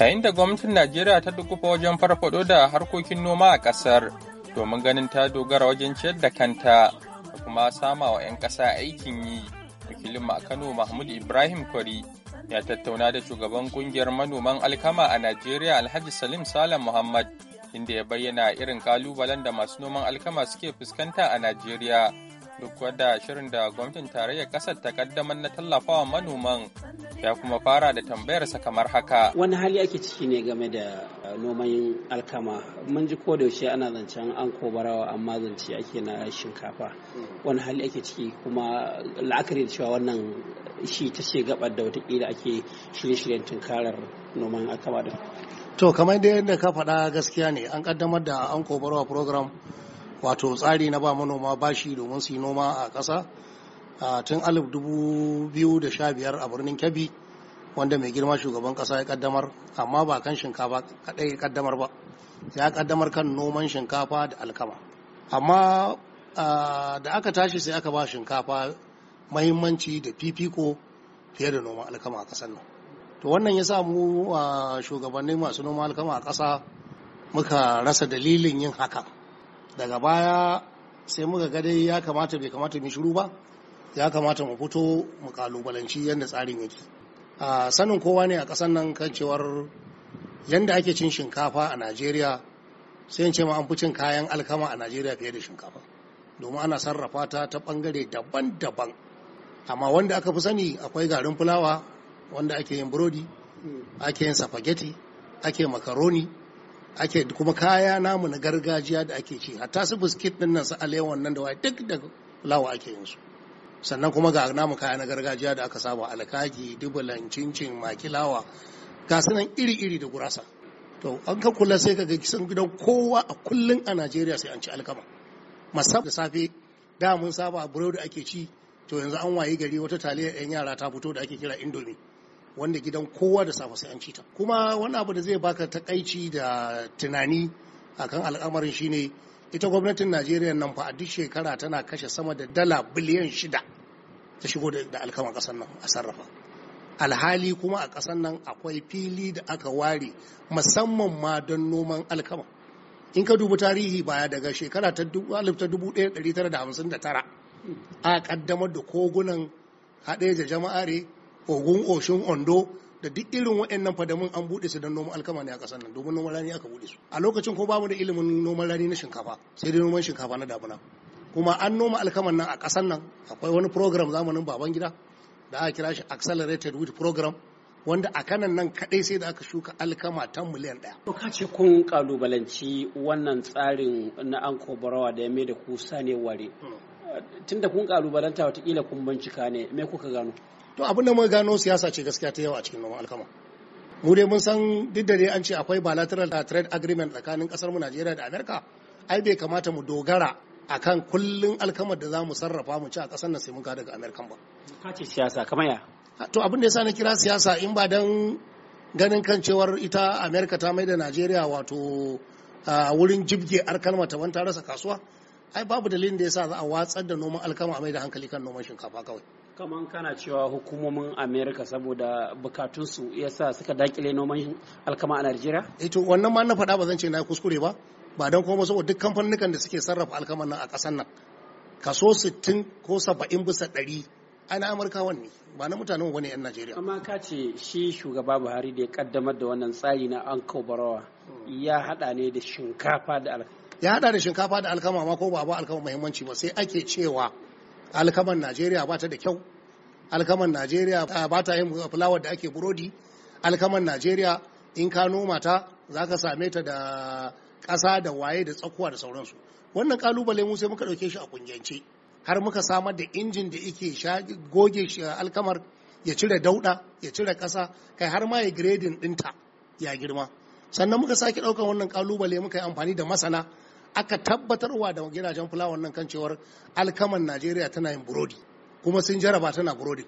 Yayin da gwamnatin Najeriya ta dukufa wajen farfado da harkokin noma a ƙasar domin ganin ta dogara wajen ciyar da kanta da kuma sama wa 'yan ƙasa aikin yi. Wakilin a Kano Mahmud Ibrahim Kwari ya tattauna da shugaban kungiyar manoman alkama a Najeriya Alhaji Salim Salam Muhammad inda ya bayyana irin kalubalen da masu noman alkama suke fuskanta a Najeriya duk wadda shirin da gwamnatin tarayyar kasar ta kaddamar na tallafawa manoman ya kuma fara da tambayarsa kamar haka. Wani hali ake ciki ne game da uh, noman alkama mun ji ko da yaushe ana zancen an kobarawa amma zance ake na shinkafa wani hali ake ciki kuma la'akari da cewa wannan shi ta ce gabar da watakila ake shirye-shiryen tunkarar noman alkama da. To kamar dai yadda ka faɗa gaskiya ne an kaddamar da an kobarawa program wato tsari na ba manoma bashi domin su yi noma a ƙasa tun alif da 2015 a birnin kebbi wanda mai girma shugaban ƙasa ya kaddamar amma ba kan shinkafa kaɗai ya kaddamar ba ya kaddamar kan noman shinkafa da alkama amma da aka tashi sai aka ba shinkafa mahimmanci da fifiko fiye da noman alkama a ƙasar nan to wannan ya samu shugabanni masu noman alkama a ƙasa muka rasa dalilin yin haka. daga baya sai muka ga dai ya kamata bai kamata mu shiru ba ya kamata mu fito mu kalubalanci yadda tsarin yake a sanin kowa ne a ƙasar nan kan cewar yadda ake cin shinkafa a najeriya sai in ce ma an fi cin kayan alkama a najeriya fiye da shinkafa domin ana sarrafa ta ta bangare daban-daban amma wanda aka fi sani akwai garin fulawa wanda ake yin burodi hmm. ake yin spaghetti ake makaroni ake kuma kaya namu na gargajiya da ake ci hatta su biskit din nan su alewan nan da waye duk da lawa ake yin su sannan kuma ga namu kaya na gargajiya da aka saba alkaki dubulan cincin makilawa ga sunan iri-iri da gurasa to an ka kula sai ka ga kisan gidan kowa a kullun a Najeriya sai an ci alkama musamman da safe da mun saba burodi ake ci to yanzu an waye gari wata taliyar yan yara ta fito da ake kira indomie wanda gidan kowa da safe sai an ci kuma wani abu da zai baka takaici da tunani akan al'amarin shine ita gwamnatin najeriya nan fa a duk shekara tana kashe sama da dala biliyan shida ta shigo da alkama ƙasar nan a sarrafa alhali kuma a kasar nan akwai fili da aka ware musamman ma don noman alkama in ka dubi tarihi baya daga shekara ta 1959 a kaddamar da kogunan haɗe da jama'are ogun oshin ondo da duk irin waɗannan fadamin an buɗe su don noman alkama ne a ƙasar nan domin noman rani aka buɗe su a lokacin ko bamu da ilimin noman rani na shinkafa sai dai noman shinkafa na damuna kuma an noma alkaman nan a ƙasar nan akwai wani program zamanin baban gida da aka kira shi accelerated with program wanda a kanan nan kaɗai sai da aka shuka alkama ta miliyan ɗaya. To ka ce kun kalubalanci wannan tsarin na an barawa da ya mai da kusa ne ware. Hmm. Tunda kun kalubalanta watakila kun bincika ne me kuka gano? to abin da muka gano siyasa ce gaskiya ta yawa a cikin noman alkama mu dai mun san duk da dai an ce akwai bilateral trade agreement tsakanin kasar mu Najeriya da Amerika ai bai kamata mu dogara akan kullun alkamar da zamu sarrafa mu ci a kasar nan sai mun ga daga Amerika ba ka ce siyasa kamar ya to abin da yasa na kira siyasa in ba dan ganin kan cewar ita Amerika ta mai da Najeriya wato a wurin jibge alkalma ta wani ta rasa kasuwa ai babu dalilin da yasa za a watsar da noman alkama a mai da hankali kan noman shinkafa kawai kamar kana cewa hukumomin america saboda bukatunsu ya sa suka dakile noman alkama a najeriya eh to wannan ma na faɗa ba zan ce na kuskure ba ba don kuma saboda duk kamfanin da suke sarrafa alkaman nan a ƙasar nan kaso 60 ko 70 bisa ɗari ana amurkawan ne ba na mutanen wani yan najeriya amma ka ce shi shugaba buhari da ya kaddamar da wannan tsari na an barawa ya hada ne da shinkafa da alkama ya hada da shinkafa da alkama ma ko ba ba alkama muhimmanci ba sai ake cewa alkaman najeriya ba ta da kyau alkaman najeriya ah, ba ta yin fulawar da ake burodi alkaman najeriya in ka noma ta za ka same ta da ƙasa da waye da tsakuwa da sauransu wannan kalubale mu sai muka ɗauke shi a kungiyance har muka samar da injin da yake goge ah, alkamar ya cire dauɗa ya cire ƙasa kai har ma ya gredin ɗinta ya girma sannan muka sake ɗaukar wannan kalubale muka yi amfani da masana aka tabbatarwa da gidajen fulawan nan kan cewar alkaman najeriya tana yin burodi kuma sun jaraba tana burodi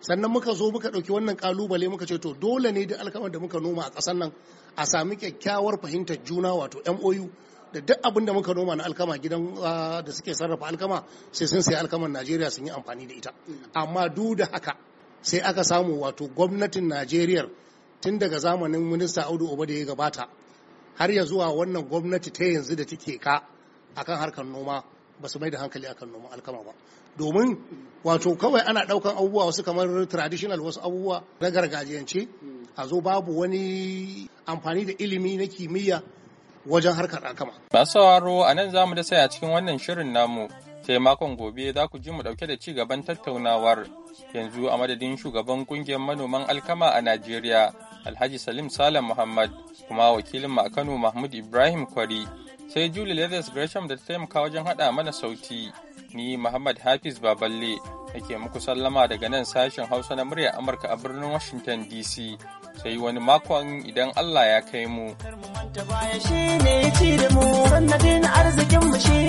sannan muka zo muka ɗauki wannan kalubale muka ce to dole ne duk alkaman da muka noma a ƙasar nan a sami kyakkyawar fahimtar juna wato mou da duk abin da muka noma na alkama gidan da suke sarrafa alkama sai sun sai alkaman najeriya sun yi amfani da ita amma duk da haka sai aka samu wato gwamnatin najeriya tun daga zamanin minista audu oba ya gabata har ya zuwa wannan gwamnati ta yanzu da take ka akan harkar noma ba su mai da hankali akan noman alkama ba domin wato kawai ana daukan abubuwa wasu kamar traditional wasu abubuwa na gargajiyance a zo babu wani amfani da ilimi na kimiyya wajen harkar alkama. Masu sauraro a nan za mu da sai cikin wannan shirin namu sai makon gobe za ku ji mu dauke da ci gaban tattaunawar yanzu a madadin shugaban kungiyar manoman alkama a Najeriya Alhaji Salim Salam Muhammad kuma wakilin mu a Kano Mahmud Ibrahim Kwari sai Julie Leathers Gresham da ta taimaka wajen haɗa mana sauti ni Muhammad Hafiz Baballe ake muku sallama daga nan sashen Hausa na muryar Amurka a birnin Washington DC sai wani makon idan Allah ya kai mu. arzikin mu shi